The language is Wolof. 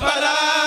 para